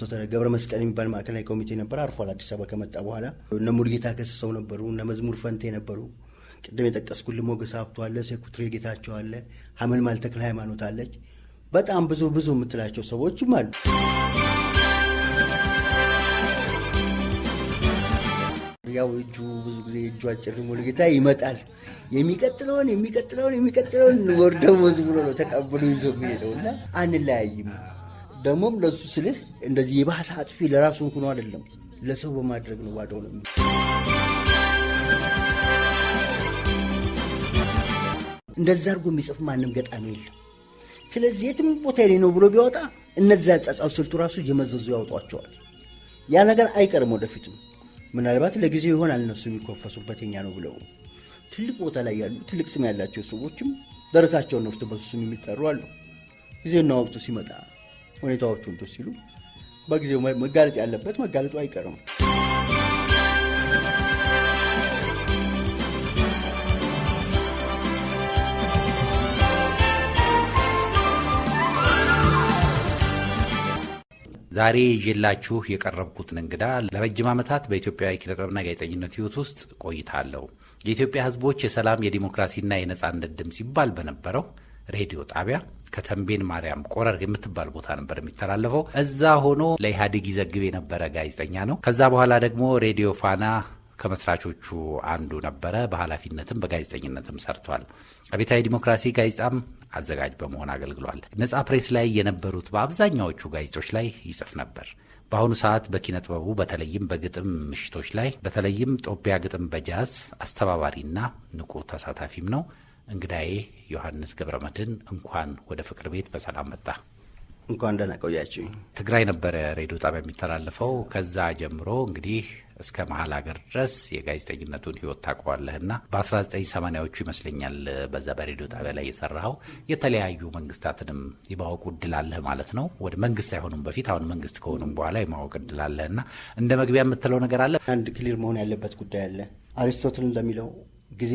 ክርስቶስ ገብረ መስቀል የሚባል ማዕከላዊ ኮሚቴ ነበር፣ አርፏል። አዲስ አበባ ከመጣ በኋላ እነ ሙሉጌታ ከስሰው ነበሩ፣ እነ መዝሙር ፈንቴ ነበሩ። ቅድም የጠቀስኩልህ ሞገስ ሀብቶ አለ፣ ሴኩትሬ ጌታቸው አለ፣ ሀመልማል ተክለ ሃይማኖት አለች። በጣም ብዙ ብዙ የምትላቸው ሰዎችም አሉ። ያው እጁ ብዙ ጊዜ እጁ አጭር ሙሉጌታ ይመጣል። የሚቀጥለውን የሚቀጥለውን የሚቀጥለውን ወርደው ብዙ ብሎ ነው ተቀብሎ ይዞ የሚሄደው እና አንለያይም ደግሞም ለሱ ስልህ እንደዚህ የባሰ አጥፊ ለራሱ ሆኖ አይደለም ለሰው በማድረግ ነው ባዶ ነው። እንደዛ አድርጎ የሚጽፍ ማንም ገጣሚ የለም። ስለዚህ የትም ቦታ የኔ ነው ብሎ ቢያወጣ እነዚ ያጻጻፍ ስልቱ ራሱ እየመዘዙ ያውጧቸዋል። ያ ነገር አይቀርም ወደፊትም። ምናልባት ለጊዜው ይሆናል እነሱ የሚኮፈሱበት የኛ ነው ብለው ትልቅ ቦታ ላይ ያሉ ትልቅ ስም ያላቸው ሰዎችም ደረታቸውን ነፍቶ በሱ ስም የሚጠሩ አሉ። ጊዜና ወቅቱ ሲመጣ ሁኔታዎቹ እንትን ሲሉ በጊዜው መጋለጥ ያለበት መጋለጡ አይቀርም። ዛሬ ይዤላችሁ የቀረብኩትን እንግዳ ለረጅም ዓመታት በኢትዮጵያ ኪነጥበብና ጋዜጠኝነት ሕይወት ውስጥ ቆይታለሁ። የኢትዮጵያ ሕዝቦች የሰላም የዲሞክራሲና የነጻነት ድምፅ ሲባል በነበረው ሬዲዮ ጣቢያ ከተንቤን ማርያም ቆረር የምትባል ቦታ ነበር የሚተላለፈው። እዛ ሆኖ ለኢህአዴግ ይዘግብ የነበረ ጋዜጠኛ ነው። ከዛ በኋላ ደግሞ ሬዲዮ ፋና ከመስራቾቹ አንዱ ነበረ። በኃላፊነትም በጋዜጠኝነትም ሰርቷል። አቤታዊ ዲሞክራሲ ጋዜጣም አዘጋጅ በመሆን አገልግሏል። ነጻ ፕሬስ ላይ የነበሩት በአብዛኛዎቹ ጋዜጦች ላይ ይጽፍ ነበር። በአሁኑ ሰዓት በኪነ ጥበቡ በተለይም በግጥም ምሽቶች ላይ በተለይም ጦቢያ ግጥም በጃዝ አስተባባሪና ንቁ ተሳታፊም ነው። እንግዳዬ ዮሐንስ ገብረ እንኳን ወደ ፍቅር ቤት በሰላም መጣ። እንኳን ደህና ትግራይ ነበረ ሬዲዮ ጣቢያ የሚተላለፈው። ከዛ ጀምሮ እንግዲህ እስከ መሀል ሀገር ድረስ የጋዜጠኝነቱን ህይወት ታውቀዋለህና በ1980ዎቹ ይመስለኛል በዛ በሬዲዮ ጣቢያ ላይ የሰራኸው። የተለያዩ መንግስታትንም የማወቁ እድል አለህ ማለት ነው። ወደ መንግስት አይሆኑም በፊት አሁን መንግስት ከሆኑም በኋላ የማወቅ እድል አለህና እንደ መግቢያ የምትለው ነገር አለ። አንድ ክሊር መሆን ያለበት ጉዳይ አለ። አሪስቶትል እንደሚለው ጊዜ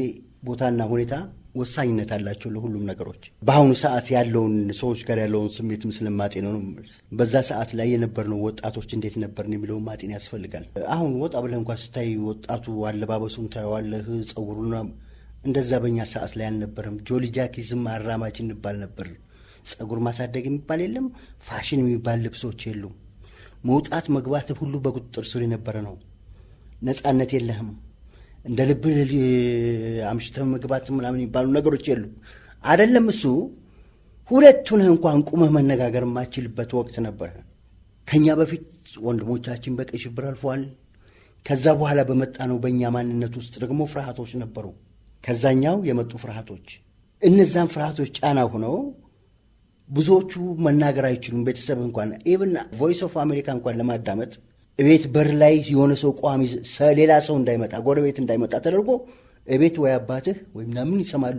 ቦታና ሁኔታ ወሳኝነት አላቸው ለሁሉም ነገሮች። በአሁኑ ሰዓት ያለውን ሰዎች ጋር ያለውን ስሜትም ስለማጤን ነው። በዛ ሰዓት ላይ የነበርነው ወጣቶች እንዴት ነበርን የሚለውን ማጤን ያስፈልጋል። አሁን ወጣ ብለህ እንኳ ስታይ ወጣቱ አለባበሱን ታየዋለህ፣ ጸጉሩና እንደዛ በእኛ ሰዓት ላይ አልነበረም። ጆሊ ጃኪዝም አራማጅ እንባል ነበር። ጸጉር ማሳደግ የሚባል የለም፣ ፋሽን የሚባል ልብሶች የሉም። መውጣት መግባት ሁሉ በቁጥጥር ስር የነበረ ነው። ነፃነት የለህም። እንደ ልብ አምሽተ መግባት ምናምን የሚባሉ ነገሮች የሉ። አይደለም እሱ ሁለቱን እንኳን ቁመህ መነጋገር የማችልበት ወቅት ነበር። ከኛ በፊት ወንድሞቻችን በቀይ ሽብር አልፈዋል። ከዛ በኋላ በመጣ ነው በእኛ ማንነት ውስጥ ደግሞ ፍርሃቶች ነበሩ። ከዛኛው የመጡ ፍርሃቶች እነዛን ፍርሃቶች ጫና ሆነው ብዙዎቹ መናገር አይችሉም። ቤተሰብ እንኳን ኢቭን ቮይስ ኦፍ አሜሪካ እንኳን ለማዳመጥ ቤት በር ላይ የሆነ ሰው ቋሚ ሌላ ሰው እንዳይመጣ ጎረቤት እንዳይመጣ ተደርጎ ቤት ወይ አባትህ ወይ ምናምን ይሰማሉ።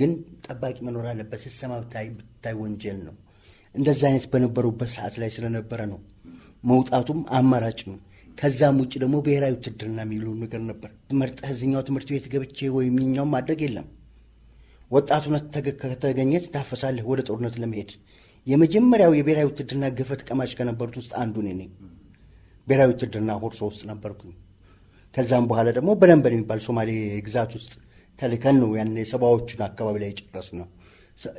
ግን ጠባቂ መኖር አለበት። ስትሰማ ብታይ ወንጀል ነው። እንደዚ አይነት በነበሩበት ሰዓት ላይ ስለነበረ ነው መውጣቱም አማራጭ ነው። ከዛም ውጭ ደግሞ ብሔራዊ ውትድርና የሚሉ ነገር ነበር። መርጠህ እዚኛው ትምህርት ቤት ገብቼ ወይም ኛው ማድረግ የለም። ወጣቱነት ከተገኘ ትታፈሳለህ ወደ ጦርነት ለመሄድ። የመጀመሪያው የብሔራዊ ውትድርና ገፈት ቀማሽ ከነበሩት ውስጥ አንዱ እኔ ነኝ። ብሔራዊ ውትድርና ሁርሶ ውስጥ ነበርኩኝ። ከዛም በኋላ ደግሞ በደንበር የሚባል ሶማሌ ግዛት ውስጥ ተልከን ነው ያን የሰባዎቹን አካባቢ ላይ የጨረስ ነው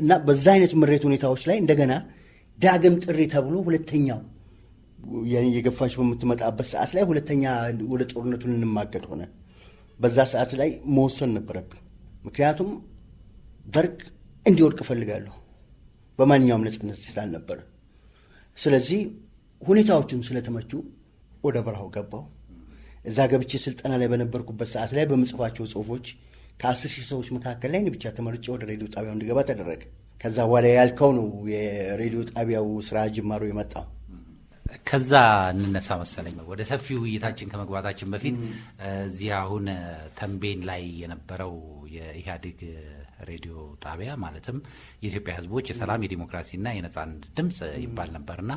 እና በዛ አይነት ምሬት ሁኔታዎች ላይ እንደገና ዳግም ጥሪ ተብሎ ሁለተኛው የገፋች በምትመጣበት ሰዓት ላይ ሁለተኛ ወደ ጦርነቱ ልንማገድ ሆነ። በዛ ሰዓት ላይ መወሰን ነበረብን። ምክንያቱም ደርግ እንዲወድቅ እፈልጋለሁ በማንኛውም ነፃነት ስላልነበረ ስለዚህ ሁኔታዎቹም ስለተመቹ ወደ በረሃው ገባው። እዛ ገብቼ ስልጠና ላይ በነበርኩበት ሰዓት ላይ በምጽፋቸው ጽሁፎች ከአስር ሺህ ሰዎች መካከል ላይ ብቻ ተመርጬ ወደ ሬዲዮ ጣቢያው እንዲገባ ተደረገ። ከዛ በኋላ ያልከው ነው የሬዲዮ ጣቢያው ስራ ጅማሮ የመጣው። ከዛ እንነሳ መሰለኝ። ወደ ሰፊ ውይይታችን ከመግባታችን በፊት እዚህ አሁን ተንቤን ላይ የነበረው የኢህአዴግ ሬዲዮ ጣቢያ ማለትም የኢትዮጵያ ሕዝቦች የሰላም የዲሞክራሲና የነጻነት ድምፅ ይባል ነበርና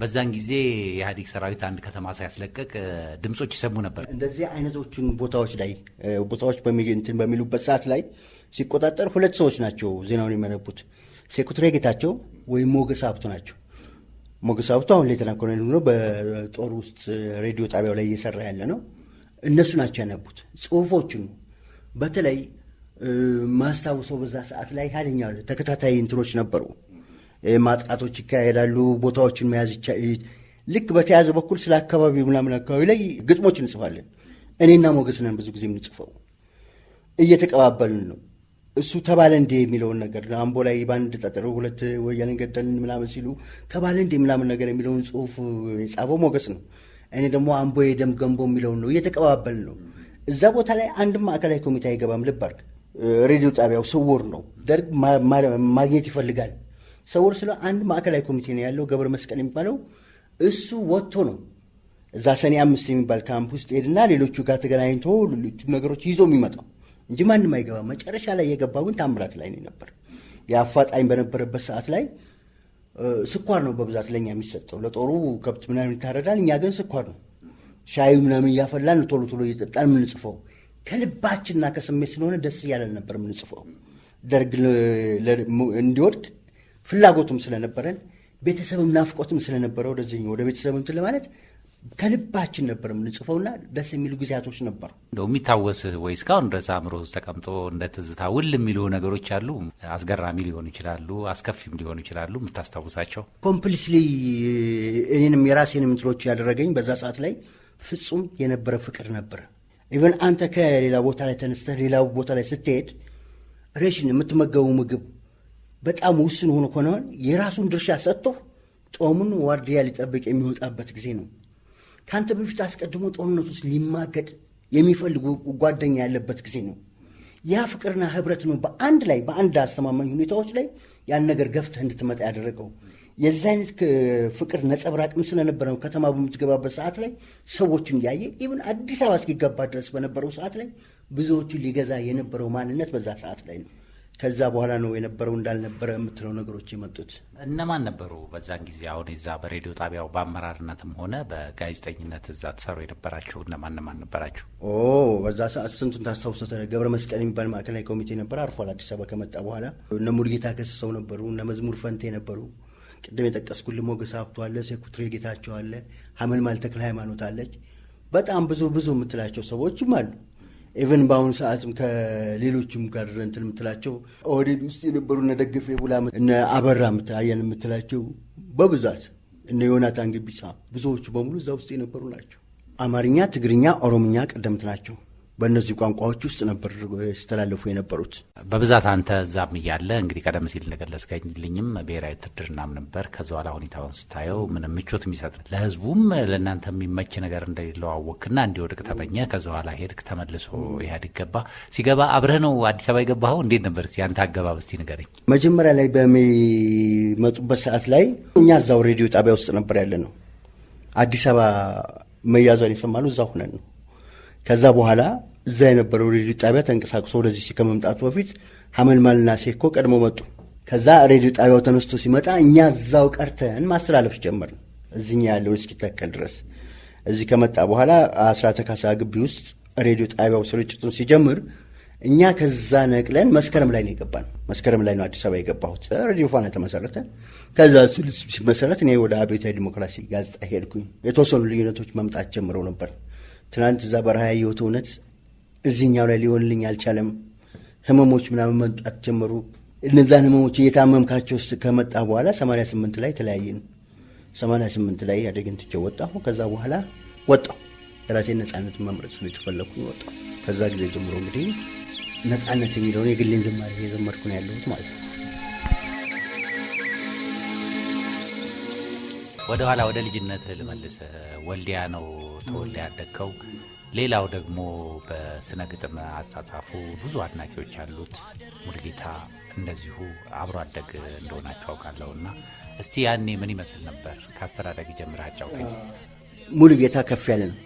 በዛን ጊዜ የኢህአዴግ ሰራዊት አንድ ከተማ ሳያስለቀቅ ድምፆች ይሰሙ ነበር። እንደዚህ አይነቶቹን ቦታዎች ላይ ቦታዎች እንትን በሚሉበት ሰዓት ላይ ሲቆጣጠር ሁለት ሰዎች ናቸው ዜናውን የሚያነቡት ሴኩትሬ ጌታቸው ወይም ሞገስ ሀብቱ ናቸው። ሞገስ ሀብቱ አሁን ሌተና ኮሎኔል ሆኖ በጦር ውስጥ ሬዲዮ ጣቢያው ላይ እየሰራ ያለ ነው። እነሱ ናቸው ያነቡት ጽሁፎቹን። በተለይ ማስታውሰው በዛ ሰዓት ላይ ሀይለኛ ተከታታይ እንትኖች ነበሩ ማጥቃቶች ይካሄዳሉ። ቦታዎችን መያዝ ልክ በተያዘ በኩል ስለ አካባቢው ምናምን አካባቢ ላይ ግጥሞች እንጽፋለን። እኔና ሞገስ ነን ብዙ ጊዜ የምንጽፈው እየተቀባበልን ነው። እሱ ተባለ እንዴ የሚለውን ነገር አምቦ ላይ በአንድ ጠጠሮ ሁለት ወያኔ ምናምን ሲሉ ተባለ እንዴ ምናምን ነገር የሚለውን ጽሁፍ የጻፈው ሞገስ ነው። እኔ ደግሞ አምቦ የደም ገንቦ የሚለውን ነው። እየተቀባበልን ነው። እዛ ቦታ ላይ አንድም ማዕከላዊ ኮሚቴ አይገባም። ልብ አድርግ። ሬዲዮ ጣቢያው ስውር ነው። ደርግ ማግኘት ይፈልጋል። ሰውር ስለ አንድ ማዕከላዊ ኮሚቴ ነው ያለው ገብረ መስቀል የሚባለው እሱ ወጥቶ ነው እዛ ሰኔ አምስት የሚባል ካምፕ ውስጥ ሄድና ሌሎቹ ጋር ተገናኝቶ ሌሎቹ ነገሮች ይዞ የሚመጣው እንጂ ማንም አይገባ። መጨረሻ ላይ የገባው ግን ታምራት ላይ ነበር። የአፋጣኝ በነበረበት ሰዓት ላይ ስኳር ነው በብዛት ለእኛ የሚሰጠው። ለጦሩ ከብት ምናምን ይታረዳል፣ እኛ ግን ስኳር ነው። ሻዩ ምናምን እያፈላን ቶሎ ቶሎ እየጠጣን የምንጽፈው ከልባችንና ከስሜት ስለሆነ ደስ እያለን ነበር የምንጽፈው። ደርግ እንዲወድቅ ፍላጎቱም ስለነበረን ቤተሰብም ናፍቆትም ስለነበረ ወደዚህ ወደ ቤተሰብ እንትን ለማለት ከልባችን ነበር የምንጽፈውና ደስ የሚሉ ጊዜያቶች ነበሩ። እንደው የሚታወስህ ወይ እስካሁን ድረስ አእምሮ ውስጥ ተቀምጦ እንደ ትዝታ ውል የሚሉ ነገሮች አሉ? አስገራሚ ሊሆኑ ይችላሉ፣ አስከፊም ሊሆኑ ይችላሉ። የምታስታውሳቸው ኮምፕሊትሊ እኔንም የራሴን ምትሎች ያደረገኝ በዛ ሰዓት ላይ ፍጹም የነበረ ፍቅር ነበረ። ኢቨን አንተ ከሌላ ቦታ ላይ ተነስተህ ሌላ ቦታ ላይ ስትሄድ ሬሽን የምትመገቡ ምግብ በጣም ውስን ሆኖ ከሆነ የራሱን ድርሻ ሰጥቶ ጦሙን ዋርዲያ ሊጠብቅ የሚወጣበት ጊዜ ነው። ከአንተ በፊት አስቀድሞ ጦርነት ውስጥ ሊማገድ የሚፈልጉ ጓደኛ ያለበት ጊዜ ነው። ያ ፍቅርና ህብረት ነው በአንድ ላይ በአንድ አስተማማኝ ሁኔታዎች ላይ ያን ነገር ገፍተህ እንድትመጣ ያደረገው። የዚ አይነት ፍቅር ነጸብራቅም ስለነበረ ነው። ከተማ በምትገባበት ሰዓት ላይ ሰዎቹን ያየ ኢብን አዲስ አበባ እስኪገባ ድረስ በነበረው ሰዓት ላይ ብዙዎቹን ሊገዛ የነበረው ማንነት በዛ ሰዓት ላይ ነው። ከዛ በኋላ ነው የነበረው እንዳልነበረ የምትለው ነገሮች የመጡት እነማን ነበሩ? በዛን ጊዜ አሁን ዛ በሬዲዮ ጣቢያው በአመራርነትም ሆነ በጋዜጠኝነት እዛ ተሰሩ የነበራችሁ እነማን እነማን ነበራችሁ? ኦ በዛ ሰዓት ስንቱን ታስታውሰታለህ? ገብረ መስቀል የሚባል ማዕከላዊ ኮሚቴ ነበር፣ አርፏል አዲስ አበባ ከመጣ በኋላ። እነ ሙድጌታ ከስሰው ነበሩ፣ እነ መዝሙር ፈንቴ ነበሩ። ቅድም የጠቀስኩልህ ሞገስ ሀብቶ አለ፣ ሴኩትሬ ጌታቸው አለ፣ ሀመልማል ተክለ ሃይማኖት አለች። በጣም ብዙ ብዙ የምትላቸው ሰዎችም አሉ። ኢቨን በአሁኑ ሰዓትም ከሌሎችም ጋር እንትን የምትላቸው ኦህዴድ ውስጥ የነበሩ እነ ደግፌ ቡላ እነ አበራ አያን የምትላቸው በብዛት እነ ዮናታን ግቢሳ ብዙዎቹ በሙሉ እዛ ውስጥ የነበሩ ናቸው። አማርኛ፣ ትግርኛ፣ ኦሮምኛ ቀደምት ናቸው። በእነዚህ ቋንቋዎች ውስጥ ነበር ሲተላለፉ የነበሩት በብዛት። አንተ እዛም እያለ እንግዲህ ቀደም ሲል እንደገለጽከልኝም ብሔራዊ ውትድርናም ነበር። ከዚ በኋላ ሁኔታውን ስታየው ምንም ምቾት የሚሰጥ ለህዝቡም ለእናንተ የሚመች ነገር እንደሌለው አወክና እንዲወድቅ ተመኘ። ከዚ በኋላ ሄድክ፣ ተመልሶ ኢህአዴግ ገባ። ሲገባ አብረህ ነው አዲስ አበባ የገባኸው? እንዴት ነበር ያንተ አገባብ? እስቲ ንገረኝ። መጀመሪያ ላይ በሚመጡበት ሰዓት ላይ እኛ እዛው ሬዲዮ ጣቢያ ውስጥ ነበር ያለ ነው። አዲስ አበባ መያዟን የሰማነው እዛ ሁነን ነው። ከዛ በኋላ እዛ የነበረው ሬዲዮ ጣቢያ ተንቀሳቅሶ ወደዚህ ከመምጣቱ በፊት ሀመልማልና ሴኮ ቀድሞ መጡ። ከዛ ሬዲዮ ጣቢያው ተነስቶ ሲመጣ እኛ እዛው ቀርተን ማስተላለፍ ጀመርን፣ እዚኛ ያለውን እስኪተከል ድረስ። እዚህ ከመጣ በኋላ አስራተ ካሳ ግቢ ውስጥ ሬዲዮ ጣቢያው ስርጭቱን ሲጀምር እኛ ከዛ ነቅለን መስከረም ላይ ነው የገባን። መስከረም ላይ ነው አዲስ አበባ የገባሁት። ሬዲዮ ፋና ተመሰረተ። ከዛ ሲመሰረት እኔ ወደ አብዮታዊ ዲሞክራሲ ጋዜጣ ሄድኩኝ። የተወሰኑ ልዩነቶች መምጣት ጀምረው ነበር። ትናንት እዛ በረሃ ያየሁት እውነት እዚኛው ላይ ሊሆንልኝ አልቻለም። ህመሞች ምናምን መምጣት ጀመሩ። እነዛን ህመሞች እየታመምካቸው ከመጣ በኋላ 88 ላይ ተለያየን። 88 ላይ አደግን ትቼው ወጣሁ። ከዛ በኋላ ወጣሁ። የራሴን ነፃነት መምረጥ ስለተፈለኩኝ ወጣሁ። ከዛ ጊዜ ጀምሮ እንግዲህ ነፃነት የሚለውን የግሌን ዝማሬ የዘመርኩ ነው ያለሁት ማለት ነው። ወደኋላ ወደ ልጅነት ልመልሰ ወልዲያ ነው ተወልደ ያደግከው ሌላው ደግሞ በስነ ግጥም አጻጻፉ ብዙ አድናቂዎች ያሉት ሙልጌታ እንደዚሁ አብሮ አደግ እንደሆናቸው አውቃለሁ እና እስቲ ያኔ ምን ይመስል ነበር? ከአስተዳዳጊ ጀምረህ አጫውተኝ። ሙልጌታ ከፍ ያለ ነው።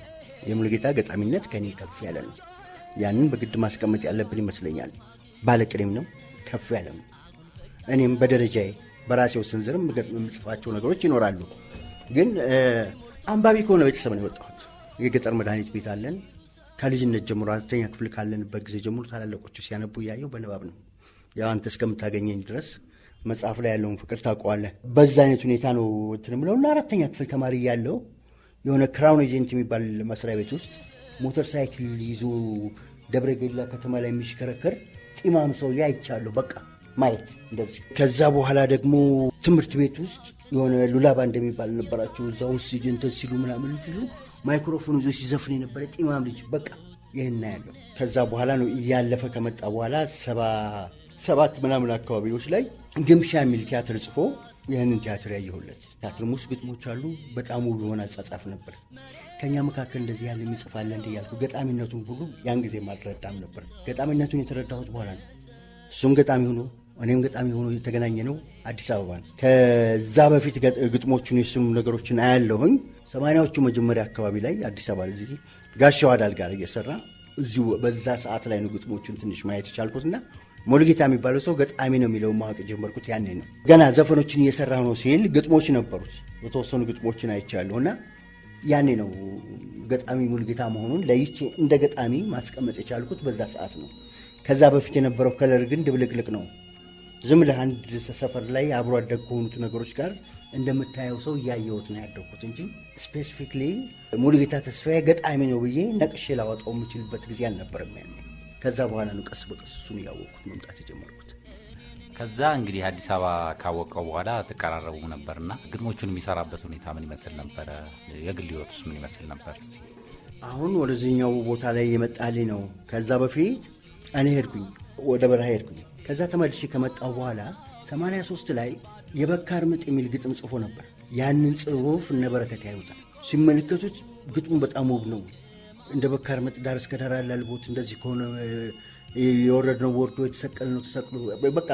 የሙልጌታ ገጣሚነት ከኔ ከፍ ያለ ነው። ያንን በግድ ማስቀመጥ ያለብን ይመስለኛል። ባለቅኔም ነው፣ ከፍ ያለ ነው። እኔም በደረጃዬ በራሴው ስንዝርም የምጽፋቸው ነገሮች ይኖራሉ። ግን አንባቢ ከሆነ ቤተሰብ ነው የወጣሁት የገጠር መድኃኒት ቤት አለን። ከልጅነት ጀምሮ አራተኛ ክፍል ካለንበት ጊዜ ጀምሮ ታላላቆቹ ሲያነቡ እያየው በንባብ ነው። ያው አንተ እስከምታገኘኝ ድረስ መጽሐፍ ላይ ያለውን ፍቅር ታውቀዋለህ። በዛ አይነት ሁኔታ ነው እንትን የምለው እና አራተኛ ክፍል ተማሪ ያለው የሆነ ክራውን ኤጀንት የሚባል መስሪያ ቤት ውስጥ ሞተር ሳይክል ይዞ ደብረ ገላ ከተማ ላይ የሚሽከረከር ጢማም ሰው አይቻለሁ። በቃ ማየት እንደዚህ። ከዛ በኋላ ደግሞ ትምህርት ቤት ውስጥ የሆነ ሉላባ እንደሚባል ነበራቸው እዛ ውስጥ ሲሉ ምናምን ሲሉ ማይክሮፎን ይዞ ሲዘፍን የነበረ ጢማም ልጅ በቃ ይህና ያለው ከዛ በኋላ ነው እያለፈ ከመጣ በኋላ ሰባት ምናምን አካባቢዎች ላይ ግምሻ የሚል ቲያትር ጽፎ ይህንን ቲያትር ያየሁለት ቲያትር ውስጥ ግጥሞች አሉ። በጣም ውብ የሆነ አጻጻፍ ነበር። ከእኛ መካከል እንደዚህ ያለ የሚጽፋለ እንዲ ያልኩ ገጣሚነቱን ሁሉ ያን ጊዜ አልረዳም ነበር። ገጣሚነቱን የተረዳሁት በኋላ ነው። እሱም ገጣሚ ሆኖ እኔም ገጣሚ ሆኖ የተገናኘ ነው አዲስ አበባ ነው። ከዛ በፊት ግጥሞቹን የስሙ ነገሮችን አያለሁኝ። ሰማንያዎቹ መጀመሪያ አካባቢ ላይ አዲስ አበባ እዚህ ጋሻው አዳል ጋር እየሰራ እዚሁ በዛ ሰዓት ላይ ነው ግጥሞቹን ትንሽ ማየት የቻልኩት እና ሞልጌታ የሚባለው ሰው ገጣሚ ነው የሚለው ማወቅ ጀመርኩት ያኔ ነው። ገና ዘፈኖችን እየሰራ ነው ሲል ግጥሞች ነበሩት። የተወሰኑ ግጥሞችን አይቻለሁ እና ያኔ ነው ገጣሚ ሙልጌታ መሆኑን ለይቼ እንደ ገጣሚ ማስቀመጥ የቻልኩት በዛ ሰዓት ነው። ከዛ በፊት የነበረው ከለር ግን ድብልቅልቅ ነው። ዝም አንድ ሰፈር ላይ አብሮ አደግ ከሆኑት ነገሮች ጋር እንደምታየው ሰው እያየሁት ነው ያደግኩት እንጂ ስፔሲፊክሊ ሙሉጌታ ተስፋዬ ገጣሚ ነው ብዬ ነቅሼ ላወጣው የምችልበት ጊዜ አልነበረም። ያ ከዛ በኋላ ነው ቀስ በቀስ እሱን እያወቅኩት መምጣት የጀመርኩት። ከዛ እንግዲህ አዲስ አበባ ካወቀው በኋላ ተቀራረቡ ነበርና ግጥሞቹን የሚሰራበት ሁኔታ ምን ይመስል ነበረ? የግል ህይወቱስ ምን ይመስል ነበር? እስቲ አሁን ወደዚህኛው ቦታ ላይ የመጣልኝ ነው። ከዛ በፊት እኔ ሄድኩኝ፣ ወደ በረሃ ሄድኩኝ ከዛ ተመልሼ ከመጣው በኋላ 83 ላይ የበካር ምጥ የሚል ግጥም ጽፎ ነበር። ያንን ጽሁፍ እነበረከት ያዩታል። ሲመለከቱት ግጥሙ በጣም ውብ ነው። እንደ በካር ምጥ ዳር እስከ ዳር ያላልቦት እንደዚህ ከሆነ የወረድነው ወርዶ የተሰቀልነው ተሰቅሎ በቃ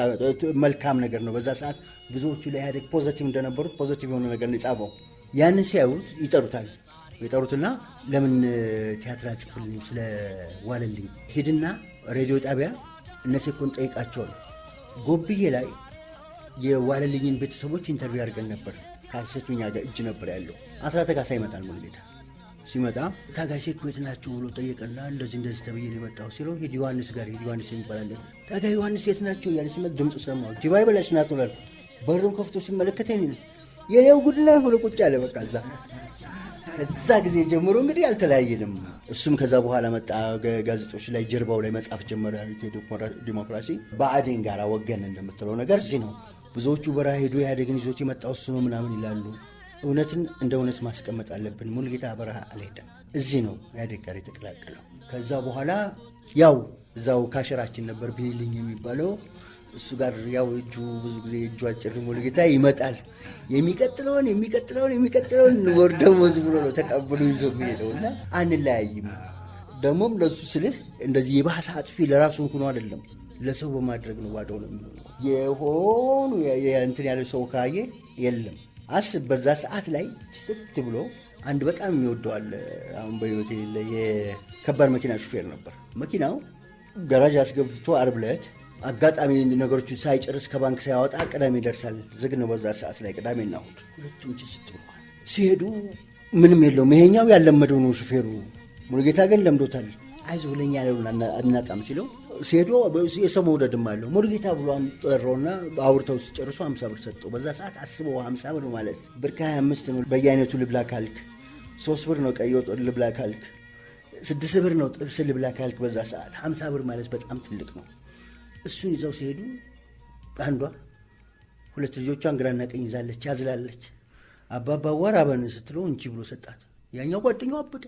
መልካም ነገር ነው። በዛ ሰዓት ብዙዎቹ ለኢህአዴግ ፖዘቲቭ እንደነበሩት ፖዘቲቭ የሆነ ነገር ነው የጻፈው። ያንን ሲያዩት ይጠሩታል። የጠሩትና ለምን ቲያትር አጽፍልኝ ስለዋለልኝ ሂድና ሬዲዮ ጣቢያ እነሱ እኮን ጠይቃቸው ነው። ጎብዬ ላይ የዋለልኝን ቤተሰቦች ኢንተርቪው አድርገን ነበር። ከሴቱኛ ጋር እጅ ነበር ያለው። አስራ ጋሳ ይመጣል ሙሉጌታ ሲመጣ ታጋሴ ሴት ቤት ናችሁ ብሎ ጠየቀና እንደዚህ እንደዚህ ተብዬ የመጣው ሲለው ሂድ ዮሐንስ ጋር ሂድ ዮሐንስ የሚባላለ ታጋ ዮሐንስ ሴት ናቸው እያለ ሲመጣ ድምፅ ሰማሁ። ጅባይ ይበላሽ ናት ላል በሩን ከፍቶ ሲመለከተኝ የኔው ጉድና ላይ ሆኖ ቁጭ ያለ በቃ እዛ ከዛ ጊዜ ጀምሮ እንግዲህ አልተለያየንም። እሱም ከዛ በኋላ መጣ። ጋዜጦች ላይ ጀርባው ላይ መጻፍ ጀመረ። ዲሞክራሲ በአዴን ጋር ወገን እንደምትለው ነገር እዚህ ነው። ብዙዎቹ በረሃ ሄዱ ኢህአዴግን ይዞት የመጣው እሱ ነው ምናምን ይላሉ። እውነትን እንደ እውነት ማስቀመጥ አለብን። ሙልጌታ በረሃ አልሄደም። እዚህ ነው ኢህአዴግ ጋር የተቀላቀለው። ከዛ በኋላ ያው እዛው ካሸራችን ነበር ብሄልኝ የሚባለው እሱ ጋር ያው እጁ ብዙ ጊዜ እጁ አጭር ሙሉጌታ ይመጣል። የሚቀጥለውን የሚቀጥለውን የሚቀጥለውን ወር ደሞዝ ብሎ ነው ተቀብሎ ይዞ የሚሄደው እና አንለያይም። ደግሞም ለሱ ስልህ እንደዚህ የባሰ አጥፊ ለራሱ ሆኖ አይደለም ለሰው በማድረግ ነው ባዶ ነው የሚሆነው። የሆኑ እንትን ያለ ሰው ካየ የለም አስብ። በዛ ሰዓት ላይ ስት ብሎ አንድ በጣም የሚወደዋል አሁን በህይወት የሌለ የከባድ መኪና ሹፌር ነበር። መኪናው ገራዥ አስገብቶ አርብ ዕለት አጋጣሚ ነገሮቹ ሳይጨርስ ከባንክ ሳያወጣ ቅዳሜ ይደርሳል። ዝግ ነው በዛ ሰዓት ላይ ቅዳሜ እና እሑድ ሁለቱም ችስት ብሏል። ሲሄዱ ምንም የለውም። ይሄኛው ያለመደው ነው ሹፌሩ። ሙሉጌታ ግን ለምዶታል። አይዞህ ለኛ ያለውን አናጣም ሲለው ሲሄዱ የሰው መውደድም አለው። ሙሉጌታ ብሎ ጠረውና አውርተው ሲጨርሱ ሀምሳ ብር ሰጠው። በዛ ሰዓት አስበው ሀምሳ ብር ማለት ብር ከሀያ አምስት ነው። በየአይነቱ ልብላ ካልክ ሶስት ብር ነው ቀይ ወጥ ልብላ ካልክ ስድስት ብር ነው ጥብስ ልብላ ካልክ በዛ ሰዓት ሀምሳ ብር ማለት በጣም ትልቅ ነው። እሱን ይዘው ሲሄዱ አንዷ ሁለት ልጆቿን ግራና ቀኝ ይዛለች፣ ያዝላለች። አባባ ወር አበን ስትለው እንቺ ብሎ ሰጣት። ያኛው ጓደኛው አበደ።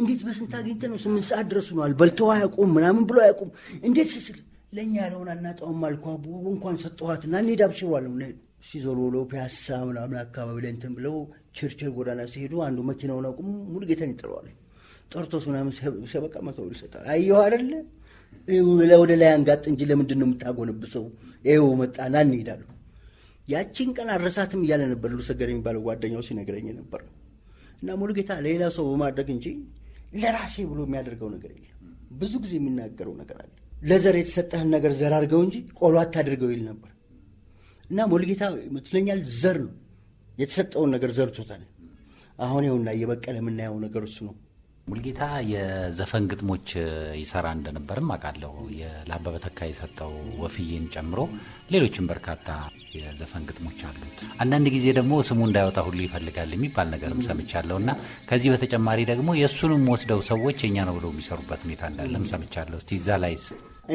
እንዴት በስንት አግኝተ ነው? ስምንት ሰዓት ድረሱ ነዋል። በልተው አያውቁም ምናምን ብሎ አያውቁም። እንዴት ስስል ለእኛ ያለውን አናጣውም አልኳ። እንኳን ሰጠኋት እና እንሄድ አብሽሯል ነው ሄዱ። ሲዞር ብለው ፒያሳ ምናምን አካባቢ ላይ እንትን ብለው ቸርቸር ጎዳና ሲሄዱ አንዱ መኪናውን አቁሙ ሙሉ ጌታን ይጥለዋል። ጠርቶት ምናምን ሲያበቃ መቶ ብር ይሰጣል። አየሁ አይደለ ወደ ላይ አንጋጥ እንጂ ለምንድን ነው የምታጎነብሰው? ይኸው መጣና እንሄዳሉ። ያቺን ቀን አረሳትም እያለ ነበር ሉሰገር የሚባለው ጓደኛው ሲነግረኝ ነበር። እና ሙሉጌታ ሌላ ሰው በማድረግ እንጂ ለራሴ ብሎ የሚያደርገው ነገር የለም። ብዙ ጊዜ የሚናገረው ነገር አለ። ለዘር የተሰጠህን ነገር ዘር አድርገው እንጂ ቆሎ አታድርገው ይል ነበር። እና ሙሉጌታ ይመስለኛል ዘር ነው የተሰጠውን ነገር ዘርቶታል። አሁን ይኸውና እየበቀለ የምናየው ነገር እሱ ነው። ሙልጌታ የዘፈን ግጥሞች ይሰራ እንደነበርም አውቃለሁ። ለአበበ ተካ የሰጠው ወፍዬን ጨምሮ ሌሎችም በርካታ የዘፈን ግጥሞች አሉት። አንዳንድ ጊዜ ደግሞ ስሙ እንዳይወጣ ሁሉ ይፈልጋል የሚባል ነገርም ሰምቻለሁ እና ከዚህ በተጨማሪ ደግሞ የእሱንም ወስደው ሰዎች የእኛ ነው ብለው የሚሰሩበት ሁኔታ እንዳለም ሰምቻለሁ። እስቲ እዛ ላይስ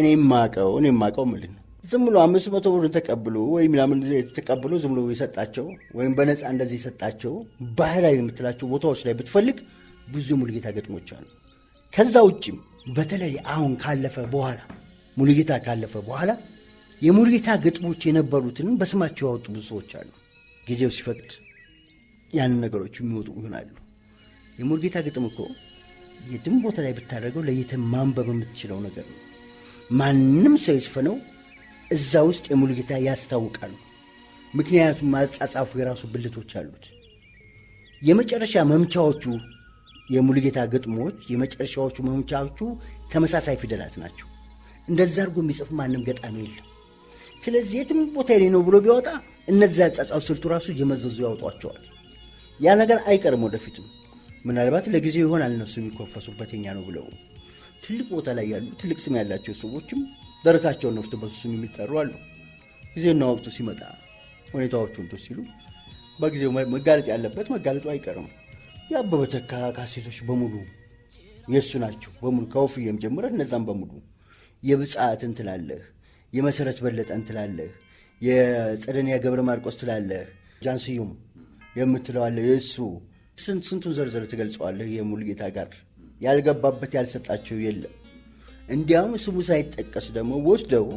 እኔ ማቀው እኔ ማቀው ምልን ዝም ብሎ አምስት መቶ ብር ተቀብሎ ወይም ምናምን ተቀብሎ ዝም ብሎ የሰጣቸው ወይም በነፃ እንደዚህ የሰጣቸው ባህላዊ የምትላቸው ቦታዎች ላይ ብትፈልግ ብዙ የሙሉጌታ ገጥሞች አሉ። ከዛ ውጭም በተለይ አሁን ካለፈ በኋላ ሙሉጌታ ካለፈ በኋላ የሙሉጌታ ገጥሞች የነበሩትን በስማቸው ያወጡ ብዙ ሰዎች አሉ። ጊዜው ሲፈቅድ ያንን ነገሮች የሚወጡ ይሆናሉ። የሙሉጌታ ግጥም እኮ የትም ቦታ ላይ ብታደርገው ለየት ማንበብ የምትችለው ነገር ነው። ማንም ሰው ይስፈነው እዛ ውስጥ የሙሉጌታ ያስታውቃሉ። ምክንያቱም አጻጻፉ የራሱ ብልቶች አሉት። የመጨረሻ መምቻዎቹ የሙሉጌታ ግጥሞች የመጨረሻዎቹ መምቻዎቹ ተመሳሳይ ፊደላት ናቸው። እንደዛ አድርጎ የሚጽፍ ማንም ገጣሚ የለም። ስለዚህ የትም ቦታ የኔ ነው ብሎ ቢያወጣ እነዚያ ጻጻፍ ስልቱ ራሱ እየመዘዙ ያውጧቸዋል። ያ ነገር አይቀርም ወደፊትም። ምናልባት ለጊዜው ይሆናል እነሱ የሚኮፈሱበት የኛ ነው ብለው ትልቅ ቦታ ላይ ያሉ ትልቅ ስም ያላቸው ሰዎችም ደረታቸውን ነፍቶ በሱስም የሚጠሩ አሉ። ጊዜና ወቅቱ ሲመጣ ሁኔታዎቹ እንቶ ሲሉ በጊዜው መጋለጥ ያለበት መጋለጡ አይቀርም። የአበበ ተካ ካሴቶች በሙሉ የእሱ ናቸው በሙሉ ከውፍዬም ጀምረህ እነዛም በሙሉ የብፅዓትን እንትላለህ የመሰረት በለጠ ትላለህ፣ የጸደንያ ገብረ ማርቆስ ትላለህ፣ ጃንስዩም የምትለዋለህ የእሱ ስንቱን ዘርዘር ትገልጸዋለህ። የሙሉጌታ ጋር ያልገባበት ያልሰጣቸው የለም። እንዲያውም ስሙ ሳይጠቀስ ደግሞ ወስደው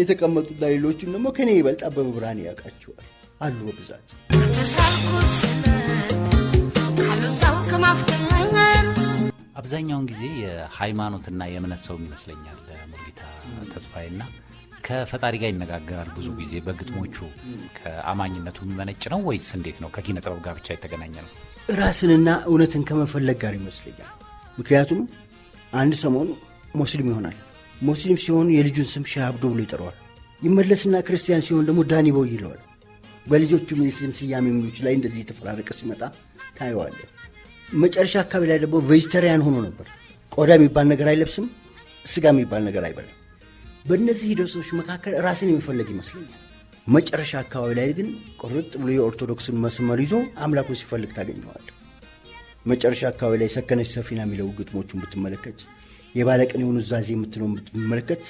የተቀመጡና ሌሎችም ደግሞ ከኔ ይበልጥ አበበ ብርሃን ያውቃቸዋል አሉ በብዛት አብዛኛውን ጊዜ የሃይማኖትና የእምነት ሰው ይመስለኛል ሙሉጌታ ተስፋዬና ከፈጣሪ ጋር ይነጋገራል ብዙ ጊዜ በግጥሞቹ። ከአማኝነቱ የሚመነጭ ነው ወይስ እንዴት ነው? ከኪነ ጥበብ ጋር ብቻ የተገናኘ ነው? ራስንና እውነትን ከመፈለግ ጋር ይመስለኛል። ምክንያቱም አንድ ሰሞኑ ሙስሊም ይሆናል። ሙስሊም ሲሆኑ የልጁን ስም ሼህ አብዶ ብሎ ይጠረዋል ይመለስና ክርስቲያን ሲሆን ደግሞ ዳኒቦ ይለዋል። በልጆቹ ስም ስያሜዎች ላይ እንደዚህ የተፈራረቀ ሲመጣ ታየዋለን። መጨረሻ አካባቢ ላይ ደግሞ ቬጅተሪያን ሆኖ ነበር። ቆዳ የሚባል ነገር አይለብስም፣ ስጋ የሚባል ነገር አይበላም። በእነዚህ ሂደቶች መካከል ራስን የሚፈለግ ይመስለኛል። መጨረሻ አካባቢ ላይ ግን ቁርጥ ብሎ የኦርቶዶክስን መስመር ይዞ አምላኩን ሲፈልግ ታገኘዋል። መጨረሻ አካባቢ ላይ ሰከነች ሰፊና የሚለው ግጥሞቹን ብትመለከት፣ የሆኑ ኑዛዜ የምትለውን ብትመለከት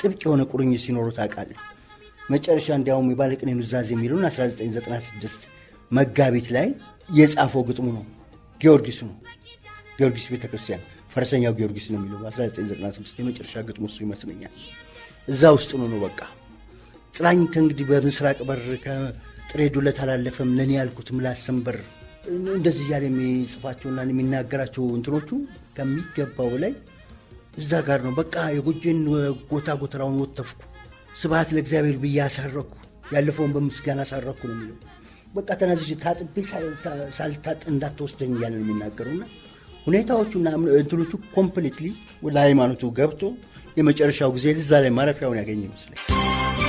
ጥብቅ የሆነ ቁርኝ ሲኖሩ ታውቃለህ። መጨረሻ እንዲያውም የሆኑ ኑዛዜ የሚለውን 1996 መጋቢት ላይ የጻፈው ግጥሙ ነው። ጊዮርጊስ ነው። ጊዮርጊስ ቤተክርስቲያን ፈረሰኛው ጊዮርጊስ ነው የሚለው 1996 የመጨረሻ ግጥሙ እሱ ይመስለኛል። እዛ ውስጥ ነው ነው በቃ ጥራኝ ከእንግዲህ በምስራቅ በር ከጥሬ ዱለት አላለፈም ለእኔ ያልኩት ምላስም በር እንደዚህ እያለ የሚጽፋቸውና የሚናገራቸው እንትኖቹ ከሚገባው ላይ እዛ ጋር ነው በቃ የጎጄን ጎታ ጎተራውን ወተፍኩ ስብሐት ለእግዚአብሔር ብዬ አሳረኩ ያለፈውን በምስጋና አሳረኩ ነው የሚለው በቃ ተናዝጅ ታጥቤ ሳልታጥ እንዳትወስደኝ እያለ ነው የሚናገረውና ሁኔታዎቹና እንትሎቹ ኮምፕሊትሊ ለሃይማኖቱ ገብቶ የመጨረሻው ጊዜ እዛ ላይ ማረፊያውን ያገኘ ይመስላል።